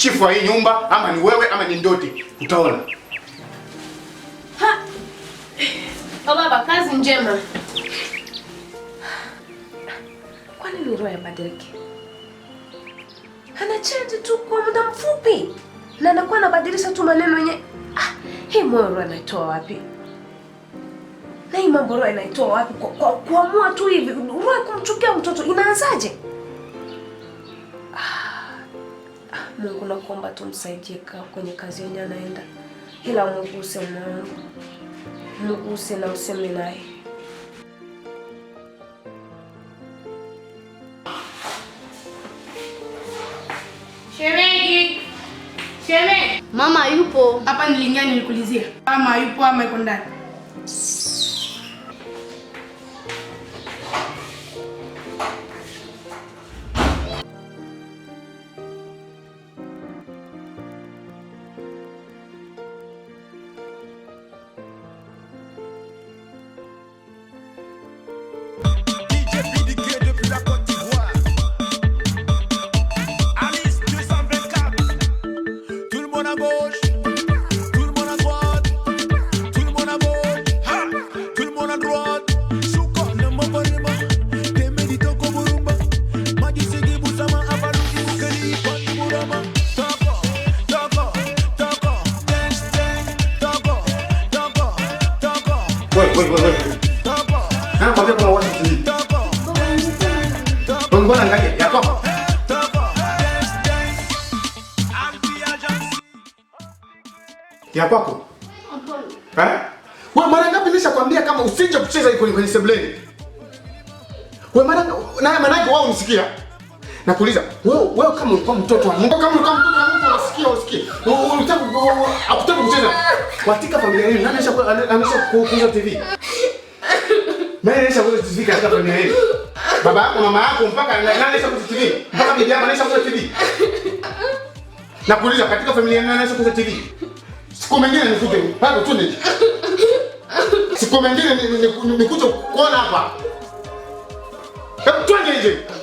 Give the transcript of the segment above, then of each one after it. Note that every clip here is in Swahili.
chifu wa hii nyumba, ama ni wewe ama ni Ndoti, utaona. Oh, baba, kazi njema. Kwani ni roho ya badilike? Ana tu kwa muda mfupi na anakuwa anabadilisha tu maneno yenye Ah, hii moyo roho anaitoa wapi? Na hii mambo roho anaitoa wapi? Kwa kuamua tu hivi roho kumchukia mtoto inaanzaje? Mungu nakuomba tumsaidie kwenye kazi yenye anaenda, ila muguse Mungu, muguse na useme naye Shemeji. Shemeji. Mama yupo hapa, Nilingia nilikulizia. Mama yupo ama yuko ndani? Ya kwako? Eh? Wewe mara ngapi nishakwambia kama usije kucheza iko kwenye sebleni? We mara na maana yake wao msikia. Nakuuliza, wewe wewe kama ulikuwa mtoto wa Mungu, kama ulikuwa mtoto wa Mungu unasikia usikie. Unataka akutaka kucheza. Katika familia yenu nani anasha kuuza TV? Nani anasha kuuza TV katika familia yenu? Baba yako, mama yako mpaka nani anasha kuuza TV? Mpaka bibi yako anasha kuuza TV? Nakuuliza katika familia yenu nani anasha kuuza TV? Siku mengine nikuje bado tu nje. Siku mengine nikuje kuona hapa. Hebu twende nje.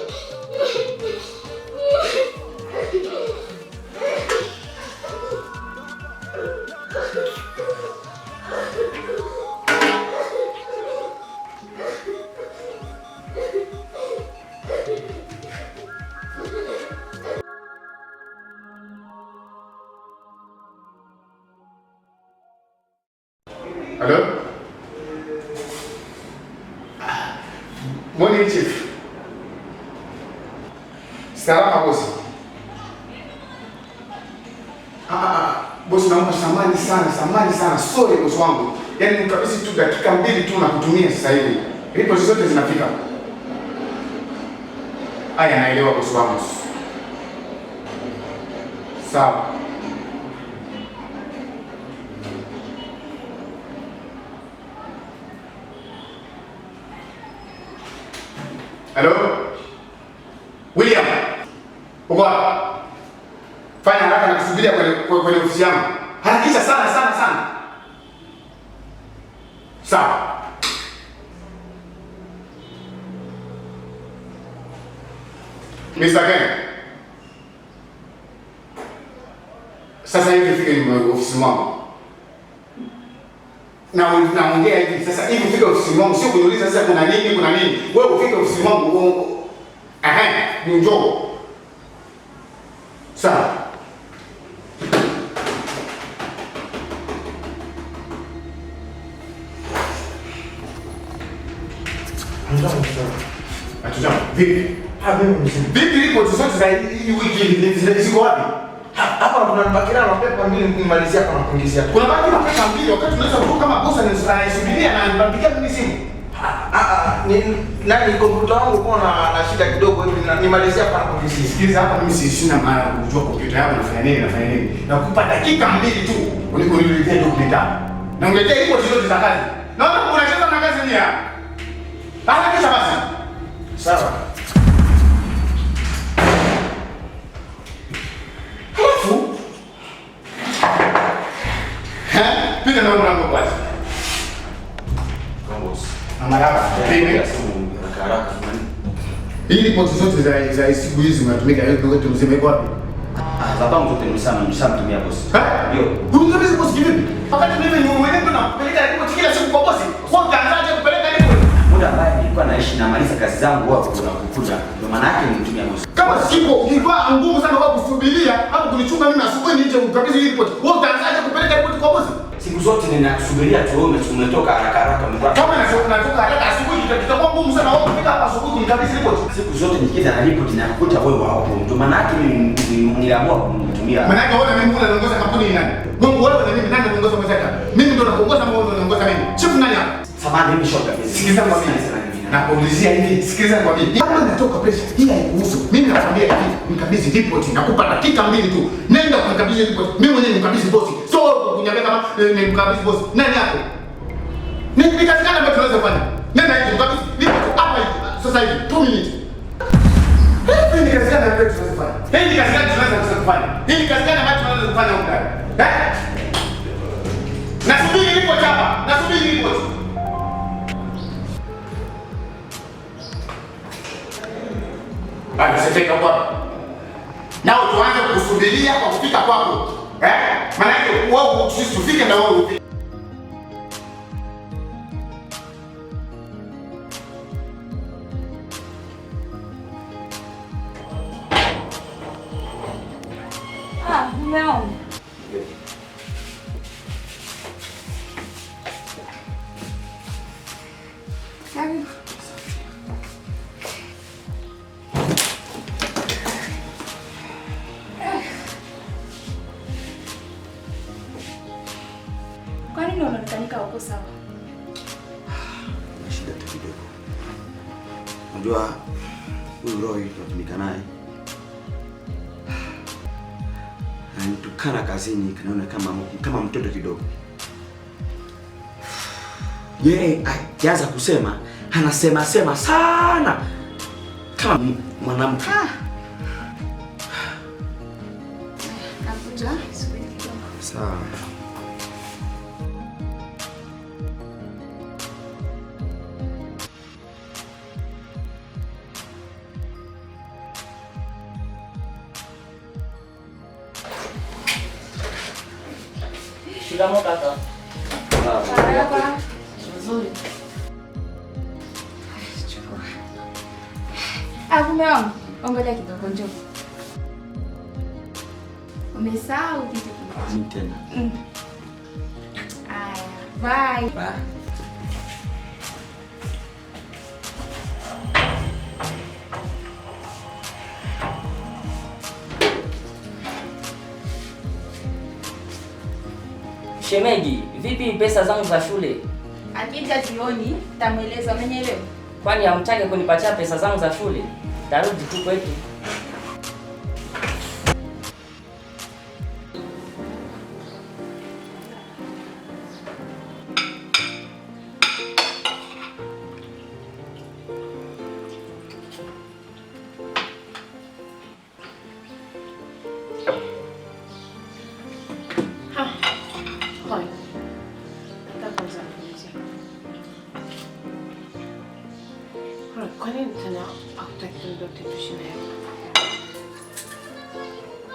ah, bosi naomba samani sana, samani sana, sorry bosi wangu, yaani mkabisi tu dakika mbili tu nakutumia sasa hivi, ripoti zote zinafika. aya naelewa bosi wangu, sawa. ofisi yangu. hakikisha sana sana sana. Sawa. Mr. Ken. Sasa hivi fika ni ofisi mwangu. Na naongea hivi sasa hivi fika ofisi mwangu, sio kuniuliza sasa kuna nini, kuna nini. Wewe ufike ofisi mwangu. Ehe, ni njoo. Vipi? Vipi ipo zote za hii wiki ziko wapi? Hapa kuna mbakira na pepa mbili nimalizia hapa na kuingizia. Kuna baki na pepa mbili wakati tunaweza kutoka kama bosa ni subiria na nipigia mimi simu. Ah ah ni nani kompyuta wangu kwa na na shida kidogo hivi na nimalizia hapa na kuingizia. Sikiliza hapa mimi si sina maana kujua kompyuta yako nafanya nini nafanya nini. Nakupa dakika mbili tu uliko niletea document. Na ungetea hizo zote za kazi. Naona unacheza na kazi nia. Hata kisha basi. Sawa. Piga na mlango kwanza. Mama yako. Ili pote zote za za siku hizi unatumika yote yote mzima iko wapi? Ah, sababu zote ni sana mshamtumia boss. Ndio. Huyu kabisa boss kivipi? Wakati mimi ni mwenyewe kuna kupeleka ripoti kila siku kwa boss. Kwa kaanzaje kupeleka ripoti? Muda mbaya nilikuwa naishi na maliza kazi zangu wao kuna kukuja. Ndio maana yake nitumia boss. Kama sipo nilikuwa ngumu sana kwa kusubiria au kunichunga mimi asubuhi nije ukabidhi ripoti. Wewe utaanzaje kupeleka ripoti kwa boss? siku zote ninakusubiria wewe umetoka haraka haraka. mbona Kama natoka haraka asubuhi itakuwa ngumu sana wewe kufika hapa asubuhi nikabisi report. Siku zote nikija na report nakukuta wewe hapo. Ndio maana yake mimi niliamua kumtumia. Maana yake wewe na mimi mbona naongoza kampuni ni nani? Mungu wewe na mimi nani naongoza mwenzaka? Mimi ndio naongoza, wewe naongoza mimi. Chief nani hapa? samani mimi shoka. Sikiliza kwa mimi na kuulizia hivi, sikiliza kwa nikwambie, kama natoka pesa hii haikuhusu mimi. Nakwambia hivi, mkabidhi ripoti, nakupa dakika mbili tu, nenda kumkabidhi report. Mimi mwenyewe nimkabidhi boss. so kunyambia kama eh, nimkabidhi boss. nani hapo? ni kazi gani ambayo tunaweza kufanya? Nenda hivi, mkabidhi ripoti hapa hivi sasa hivi, 2 minutes. Hii ni kazi gani ambayo tunaweza kufanya? Hii ni kazi gani tunaweza kufanya? Hii ni kazi gani ambayo tunaweza kufanya huko? Eh? ameseteka kwako, nao tuanze kusubiria kwa kufika kwako eh? Maana yake wao sisi tufike na wao ufike. Yaani unaonekana uko sawa. Na shida tu kidogo. Unajua huyu Roy tunatumika naye. Anitukana kazini kanaona kama kama mtoto kidogo. Yeye ajaza kusema anasema sema sana kama mwanamke. Ah. Sawa. Tira a mão, Tata. Ah, Caramba. Jesus. 아 그러면 엉거리하기 너 먼저 me saúde. Então, entendo. Hum. Ai, vai. Vai. Shemeji, vipi pesa zangu za shule? Akija jioni tamweleza, umenyelewa? Kwani hamtaki kunipatia pesa zangu za shule? Tarudi tu kwetu.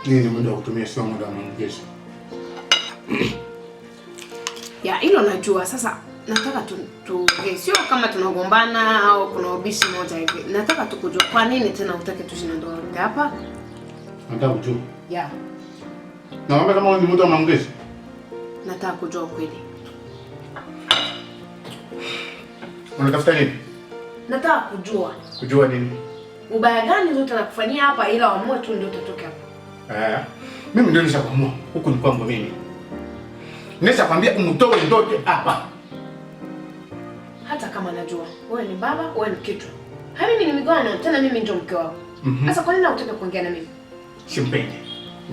nini ni muda wa kutumia, sio muda wa maongezi. Ya hilo najua. Sasa nataka tu, tu eh, sio kama tunagombana au kuna ubishi moja hivi. Nataka tu kujua kwa nini tena utake tushinde ndoa hapa? Nataka kujua. Ya. Na Naomba kama ni muda wa maongezi. Nataka kujua kweli. Unatafuta nini? Nataka kujua. Kujua nini? Ubaya gani ndio tutakufanyia hapa ila wamue tu ndio tutoke hapa. Eh, mimi ndio nishakuamua huku ni kwangu mimi. Nisha kwambia mtoe ndoke hapa. Hata kama najua wewe ni baba, wewe ni kitu. Ha, mimi ni migwana tena mimi ndio mke wako. Mhm. Sasa kwa nini unataka kuongea na mimi? Simpendi.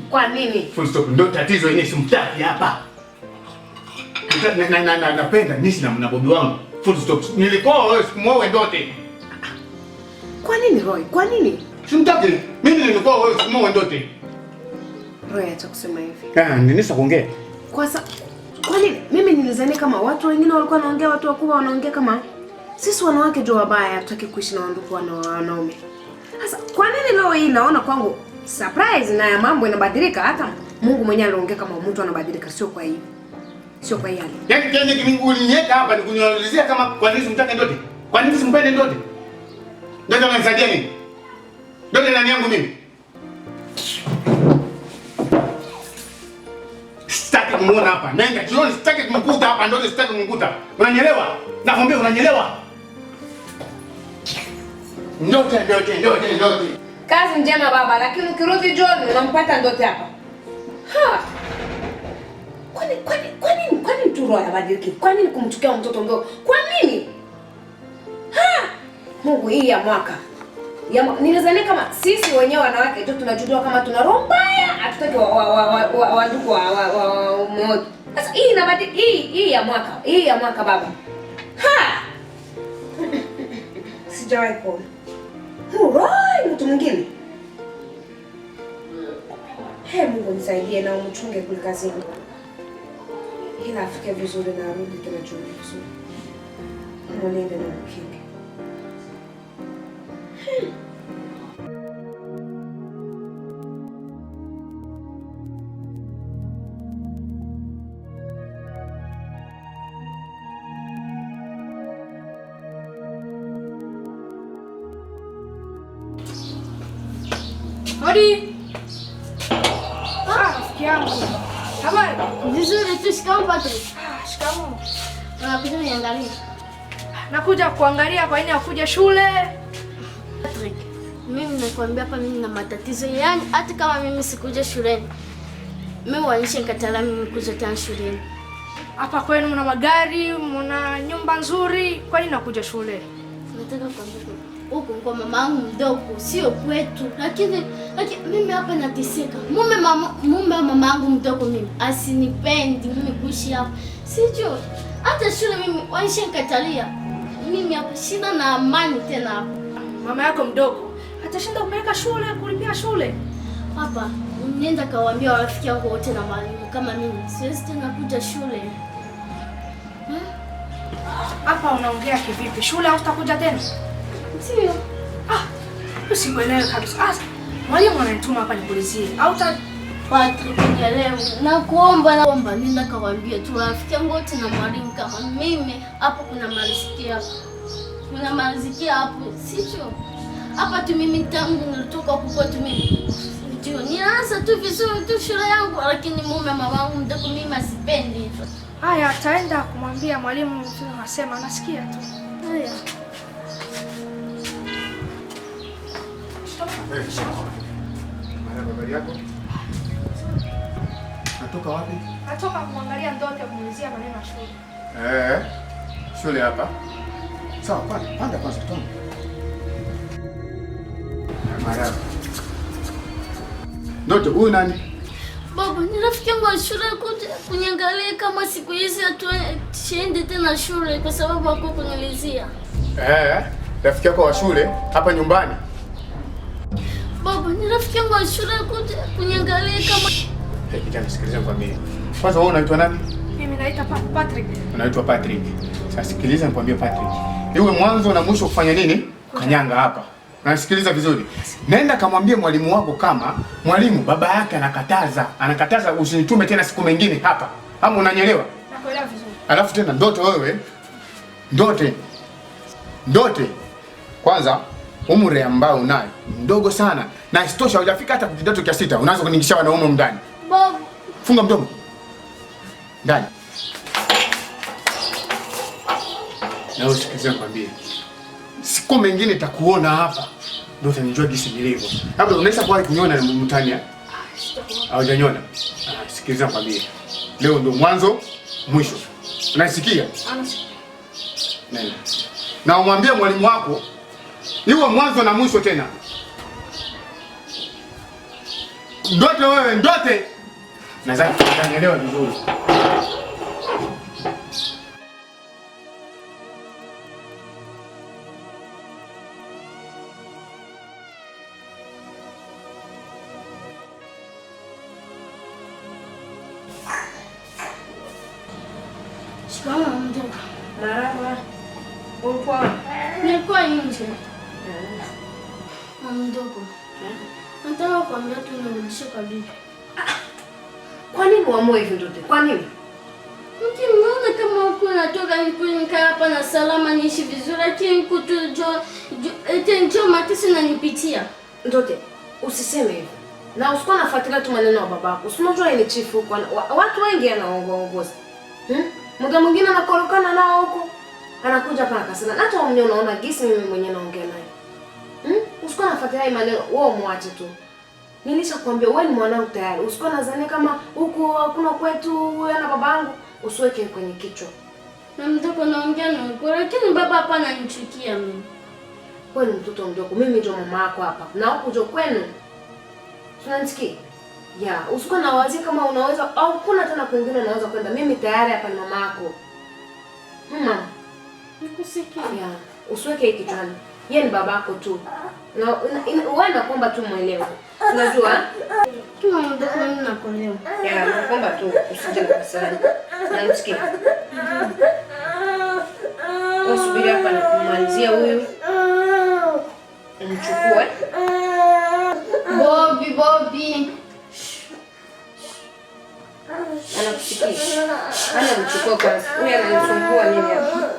Kwa nini? Full stop ndio tatizo yenyewe simtaki hapa. Na na na napenda na, nisi na mnabobi wangu. Full stop. Nilikoa wewe sikumwoe ndote. Kwa nini Roy? Kwa nini? Simtaki. Mimi nilikoa wewe sikumwoe ndote. Roy acha kusema hivi. Ah, ninisha kuongea. Kwa sa... Kwa nini? Mimi nilizani kama watu wengine walikuwa wanaongea, watu wakubwa wanaongea kama sisi wanawake ndio wabaya, hatutaki kuishi na wanduku wana wanaume. Sasa kwa nini leo hii naona kwangu surprise na ya mambo inabadilika hata Mungu mwenyewe aliongea kama mtu anabadilika sio kwa hiyo. Sio kwa hiyo. Yaani kwenye yaani kiminguni nyeka hapa ni kunyalizia kama kwa nini simtaki ndote? Kwa nini simpende ndote? Ndote ananisaidia nini? Ndote ndani yangu mimi? kumuona hapa. Nenda, jioni sitaki kumkuta hapa, ndio sitaki kumkuta. Unanielewa? Nakwambia unanielewa? Ndote, ndote, ndote, ndote. Kazi njema baba, lakini ukirudi jioni unampata ndote hapa. Ha. Kwani kwani kwani kwani mtu roho yabadiliki? Kwani kumchukia mtoto mdogo? Kwa nini? Ha! Mungu hii ya mwaka. Ya, mwaka. ninazania kama sisi wenyewe wanawake tu tunajua kama tuna roho mbaya hatutaki wandugu wamoja. Sasa hii inabadi hii hii ya mwaka hii ya mwaka baba, sijawahi kuona uroi mtu mwingine. Hey, Mungu nisaidie na umchunge kule kazini, ila afike vizuri na arudi tena chuoni vizuri, mwanende na mkinge Hodi. Ah, ah, nakuja kuangalia kwa nini hakuja shule? Patrick, mimi hapa mimi na matatizo. Yaani hata kama mimi sikuja shuleni, mimi wanisha nikatala mimi kuja tena shuleni. Hapa kwenu mna magari, mna nyumba nzuri, kwa nini nakuja shule? Nataka kuambia huko kwa mamangu mdogo, sio kwetu. Lakini lakini mimi hapa nateseka. Mume mama mume mama mamangu mdogo mimi asinipendi mimi kuishi hapa. Sijui hata shule mimi waisha nikatalia. Mimi hapa shida na amani tena hapa. Mama yako mdogo atashinda kupeleka shule kulipia shule. Hapa nenda kawaambia rafiki yangu wote na mwalimu kama mimi siwezi tena kuja shule. Hapa unaongea kivipi? Shule hutakuja tena? Ndio. Ah, usikuelewe kabisa. Ah, Mwalimu ananituma hapa nikuulizie. Au ta Patrick Njalevu, nakuomba naomba nenda kawaambia tu rafiki yangu wote na mwalimu kama mimi hapo kuna malizikia. Kuna malizikia hapo, sicho? Hapa tu mimi tangu nilitoka huko tu mimi. Ndio, ninaanza tu vizuri tu shule yangu lakini mume mamangu mdogo mimi asipendi. Haya, ataenda kumwambia mwalimu tu anasema nasikia tu. Haya. stop na habari yako? Natoka wapi? Natoka kumwangalia mtoto kumulizia maneno ya shule. Eh. Shule hapa. Sawa, panda panda kwanza tuone. Mara. Ndoto huyu nani? Baba, ni rafiki yangu wa shule kuja kuniangalia kama siku hizi hatuendi tena shule kwa sababu hakukunilizia. Eh, rafiki yako wa shule hapa nyumbani? Baba, ni rafiki yangu Ashura kuja kuniangalia kama. Hey, kijana nisikilize nikwambie. Kwanza wewe unaitwa nani? Mimi naitwa Patrick. Unaitwa Patrick. Sasa sikiliza nikwambie Patrick. Iwe mwanzo na mwisho kufanya nini? Kanyanga hapa. Nasikiliza vizuri. Nenda kamwambie mwalimu wako kama mwalimu baba yake anakataza, anakataza usinitume tena siku mengine hapa. Ama unanyelewa Nakuelewa vizuri. Alafu tena ndoto wewe. Ndote. Ndote. Kwanza umri ambao unayo mdogo sana, na isitosha hujafika hata kidato cha sita, unaanza kuningisha wanaume ndani. Funga mdomo ndani na usikize kwambie, siku mengine takuona hapa, ndio utanijua jinsi nilivyo. Labda unaweza kuwahi kuniona mtania, au janyona. Ah, Sikiliza kwambie, leo ndio mwanzo mwisho. Unasikia? Nenda na umwambie mwalimu wako iwe mwanzo na mwisho tena. Ndote wewe, ndote nadhani unanielewa vizuri. Kwani muamue hivyo ndote? Kwa nini? Mti mnaona kama huko natoka huko nikaa hapa na salama niishi vizuri lakini huko tu jo eti njoo mateso nanipitia. Ndote, usiseme hivyo. Na usikuwa nafuatilia tu maneno ya babako. Usimjua ni chifu huko. watu wengi anaongoza. Hmm? Mga mwingine anakorokana nao huko. Anakuja hapa akasema, "Hata mnyo unaona gisi mimi mwenyewe naongea naye." Hmm? Usikuwa nafuatilia maneno, wewe muache tu. Nilishakwambia wewe ni mwanangu tayari, usikuwa nazania kama huku hakuna kwetu na babangu, usiweke kwenye kichwa. Na mtoto naongea na uko, lakini baba hapa ananichukia mimi. Wewe ni mtoto mdogo, mimi ndio mama yako hapa na huku ndio kwenu. Tunanisikia? Ya, usikuwa na wazi kama unaweza au kuna tena kwingine unaweza kwenda. Mimi tayari hapa ni mama yako. Mama. Nikusikia. Ya, usiweke kichwani. Yeye ni babako tu. Na wewe nakuomba tu mwelewe. Unajua? Kila mdogo mimi nakolewa. Ya, nakuomba tu usije ukasali. Na usikie. Usubiri hapa na kumalizia huyu. Mchukue. Bobi, Bobi. Anakusikia. Ana mchukue kwanza. Huyu ananisumbua nini hapa?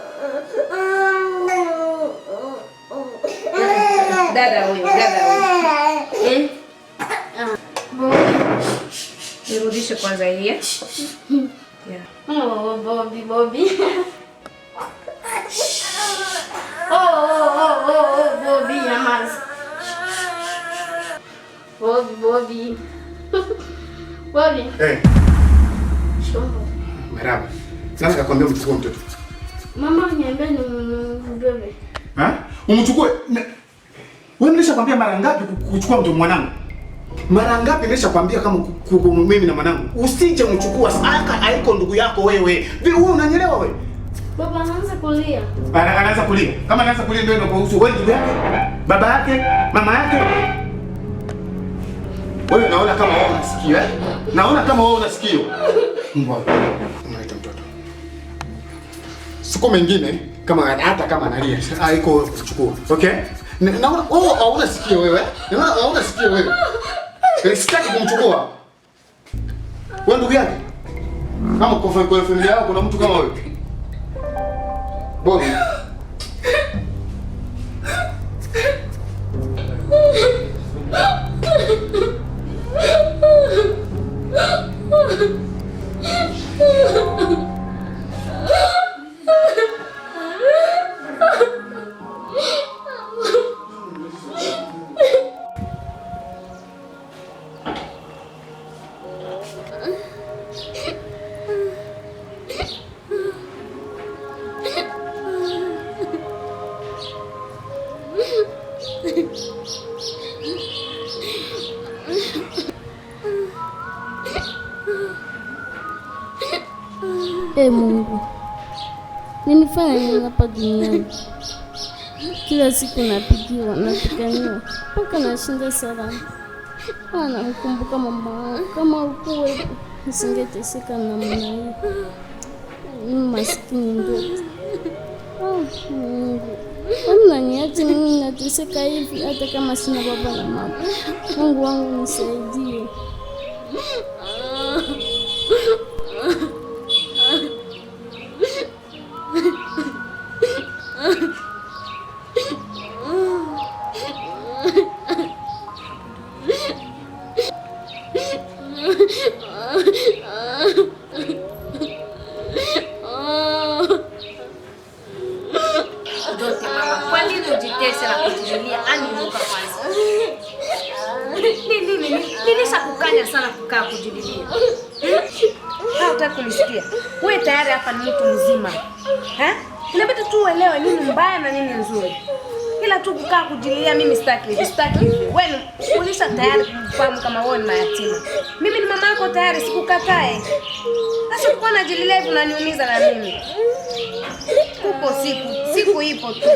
Dada huyo, dada huyo. Eh? Nirudishe kwanza hii. Yeah. Oh, Bobby, Bobby. Oh, oh, oh, oh, oh, Bobby, jamani. Bobby, Bobby. Bobby. Eh. Shombo. Maraba. Sasa nikakwambia mchukue mtoto. Mama niambia ni mbebe. Ha? Umchukue. Wewe nilishakwambia mara ngapi kuchukua mtoto mwanangu? Mara ngapi nimeshakwambia kama mimi na mwanangu usije mchukua saka aiko ndugu yako wewe. Vi Wewe unanyelewa wewe? Baba anaanza kulia. Ana anaanza kulia. Kama anaanza kulia ndio inakuhusu wewe ndugu yake, baba yake, mama yake. Wewe naona kama wewe unasikia eh? Naona kama wewe unasikio. Mbona? Unaita mtoto. Siku mengine kama hata kama analia aiko kuchukua. Okay? Naona wewe hauna sikio wewe. Eh? Naona hauna sikio wewe. Yaani sitaki kumchukua. Wewe ndugu yake? Kama kwa familia yako kuna mtu kama wewe. Bobi. sana hapa duniani. Kila siku napigiwa, napiganiwa mpaka nashinda salama. Anamkumbuka mama wangu, kama ukuwe usingeteseka namna hiyo. Masikini ndugu oh, Mungu, mnaniacha mimi nateseka hivi, hata kama sina baba na mama. Mungu wangu nisaidie. sitaki hivi, sitaki hivi. Wewe ulisha tayari kufahamu kama wewe ni mayatima. Mimi ni mama yako tayari, sikukatae. Sasa uko na jili live unaniumiza na mimi. Kuko siku, siku ipo tu.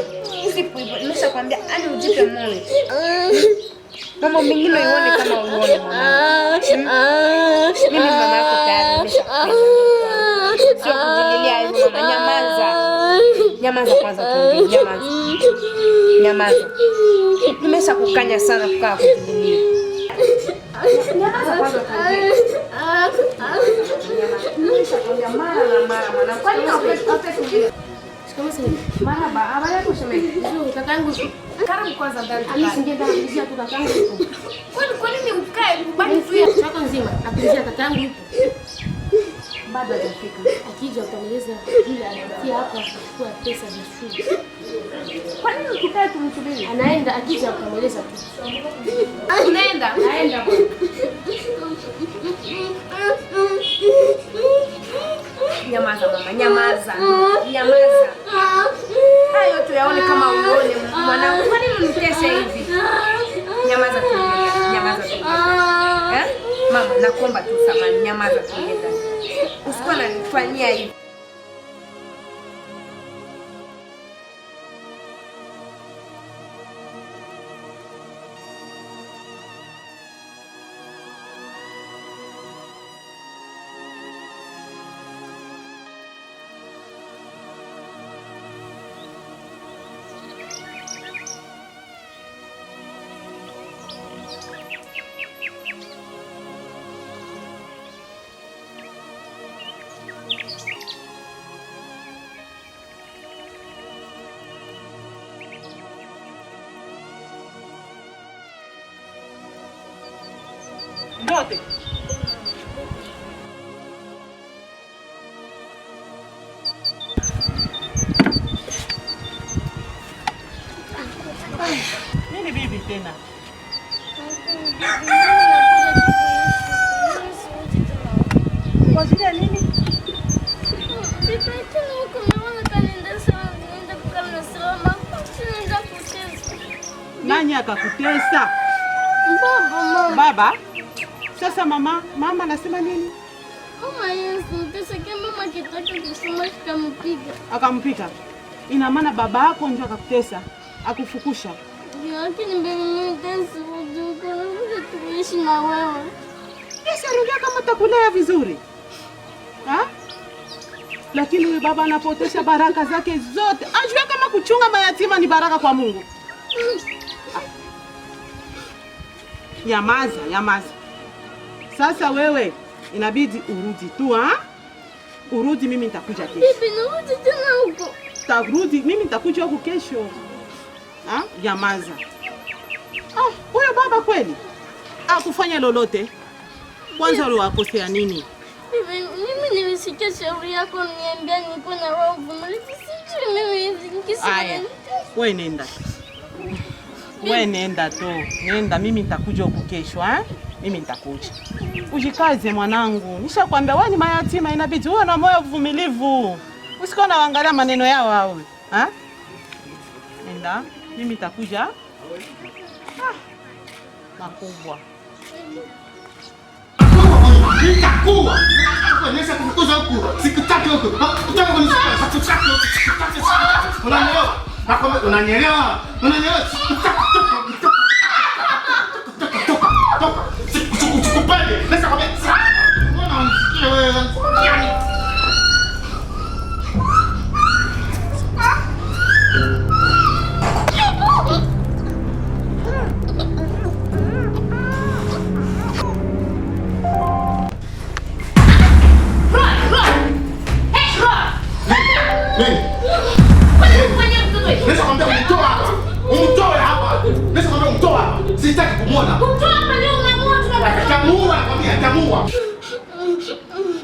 Siku ipo. Nimeshakwambia ani ujipe moyo. Mama mwingine uone kama uone mama. Mimi mama yako tayari. Sio kujililia hivyo mama, nyamaza. Nyamaza kwanza tuongee, nyamaza. Nyamaza. Nimesha kukanya sana kukaa kwa nini kwani ni ukae ubaki tu ya kaka nzima. Akilizia katangu bado hajafika. Akija utaeleza vile anatia hapa pesa Kwa nini tumsubiri? Anaenda, akija utamweleza tu. Anaenda, anaenda. Nyamaza mama, nyamaza. Nyamaza. Hayo tu yaone kama uone mwanangu. Kwa nini unitesa hivi? Nyamaza tu. Nyamaza tu. Eh? Mama, nakuomba tu samahani, nyamaza tu. Usikuwa unanifanyia hivi. wote. Nini bibi tena? Wazia nini? Nani akakutesa? Baba. Sasa mama, mama anasema nini? Mama Yesu, kesikia mama akitaka kusoma akampiga. Akampiga. Ina maana baba yako ndio akakutesa, akufukusha. Ndio, lakini mimi tuishi na wewe. Yesu, rudia kama takulea vizuri. Ha? Lakini huyu baba anapotesha baraka zake zote. Ajua kama kuchunga mayatima ni baraka kwa Mungu. Mm. Nyamaza, nyamaza. Sasa wewe inabidi urudi tu ha? Urudi, mimi nitakuja kesho. Bibi, narudi tena huko. Tarudi, mimi nitakuja huko kesho. Ha? Yamaza. Ah, huyo baba kweli akufanya lolote. Kwanza uliwakosea nini? Bibi, mimi nimesikia shauri yako, niambia niko na roho mimi nikisema. Aya, Wewe nenda. Wewe nenda tu. Nenda, mimi nitakuja huko kesho ha? mimi nitakuja. Ujikaze mwanangu, nishakwambia wewe ni mayatima, inabidi uwe na moyo uvumilivu, usikuwa naangalia maneno yao hao. Ha? Nenda, mimi nitakuja. Ah, makubwa nitakuwa ah! Unanielewa? Unanielewa? 怒啊！